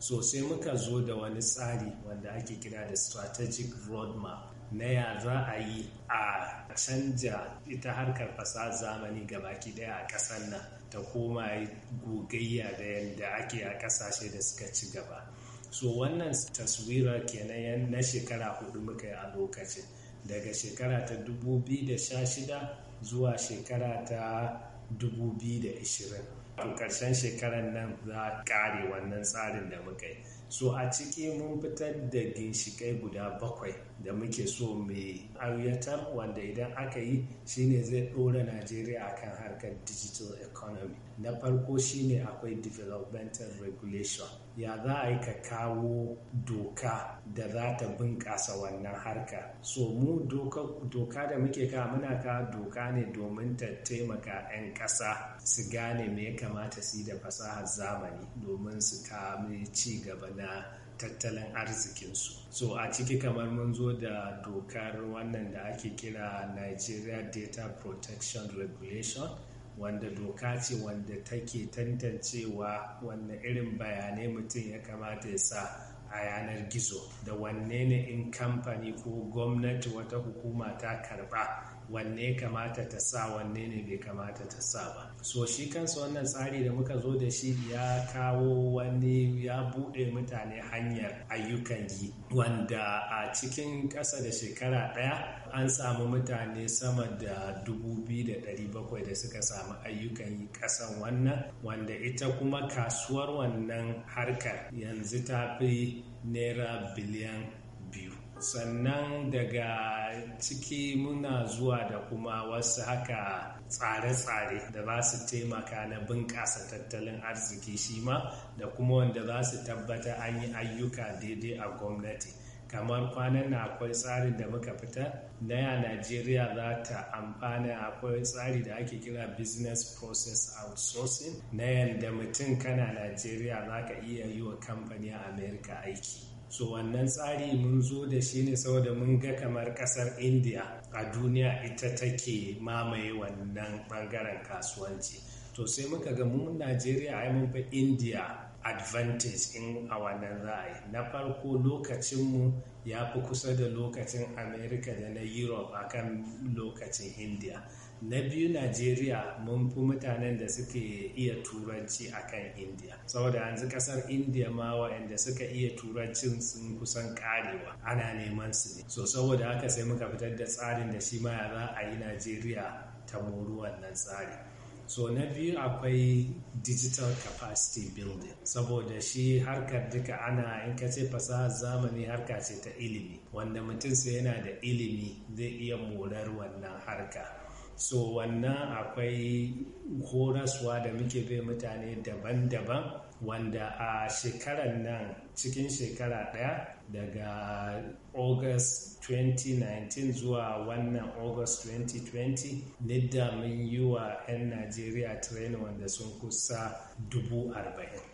so sai muka zo da wani tsari wanda ake kira da strategic roadmap na ya za a yi a canja ita harkar fasaha zamani gabaki daya a ƙasar nan ta koma gogayya da yadda ake a ƙasashe da suka ci gaba so wannan taswira kenan na shekara hudu muka yi a lokacin daga shekara ta 2016 zuwa shekara ta 2020 a ƙarshen shekarar nan za a ƙare wannan tsarin da muka yi so a ciki mun fitar da ginshiƙai guda bakwai da muke so mai ayyatar wanda idan aka yi shine zai ɗora najeriya akan harkar digital economy na farko shine akwai developmental regulation ya za a yi ka kawo doka da za ta bunƙasa wannan harka so mu doka da muke ka muna ka doka ne domin ta taimaka 'yan ƙasa su gane me ya kamata su yi da fasahar zamani domin su mai ci gaba na tattalin arzikinsu so a ciki kamar mun zo da dokar wannan da ake kira nigeria data protection regulation wanda doka ce wanda take tantancewa wanne irin bayanai mutum ya kamata ya sa a yanar gizo da wanne ne in kamfani ko gwamnati wata hukuma ta karba wanne kamata ta sa wanne ne bai kamata ta sa ba so shi kansa wannan tsari da muka zo da shi ya kawo wani ya buɗe mutane hanyar ayyukan yi wanda a cikin ƙasa da shekara ɗaya an samu mutane sama da 2,700 da suka samu ayyukan yi ƙasan wannan wanda ita kuma kasuwar wannan harkar yanzu ta fi naira biliyan biyu sannan daga ciki muna zuwa da kuma wasu haka tsare-tsare da za su taimaka na bunƙasa tattalin arziki shi ma da kuma wanda za su tabbata an yi ayyuka daidai a gwamnati kamar kwanan na akwai tsarin da muka fita na ya najeriya za ta amfana akwai tsari da ake kira business process outsourcing na yadda mutum kana najeriya za ka iya yi wa kamfani a america aiki so wannan tsari mun zo da shi ne saboda mun ga kamar kasar india a duniya ita take mamaye wannan bangaren kasuwanci to sai muka ga mu najeriya ai mun fi india advantage in a wannan za'a yi na farko lokacinmu ya fi kusa da lokacin america da na europe akan lokacin india na biyu najeriya mun fi mutanen da suke iya turanci akan india saboda yanzu kasar india ma waɗanda suka iya turancin sun kusan karewa ana neman su ne so saboda haka sai muka fitar da tsarin da shi ma za a yi najeriya ta moru wannan tsari so na biyu akwai digital capacity building saboda shi harkar duka ana in ka ce fasahar zamani harka ce ta ilimi wanda mutum sai yana da ilimi zai iya morar wannan harka so wannan akwai horaswa da muke bai mutane daban-daban wanda a shekarar nan cikin shekara daya daga august 2019 zuwa wannan august 2020 nidda mun yi wa 'yan najeriya training wanda sun kusa dubu arba'in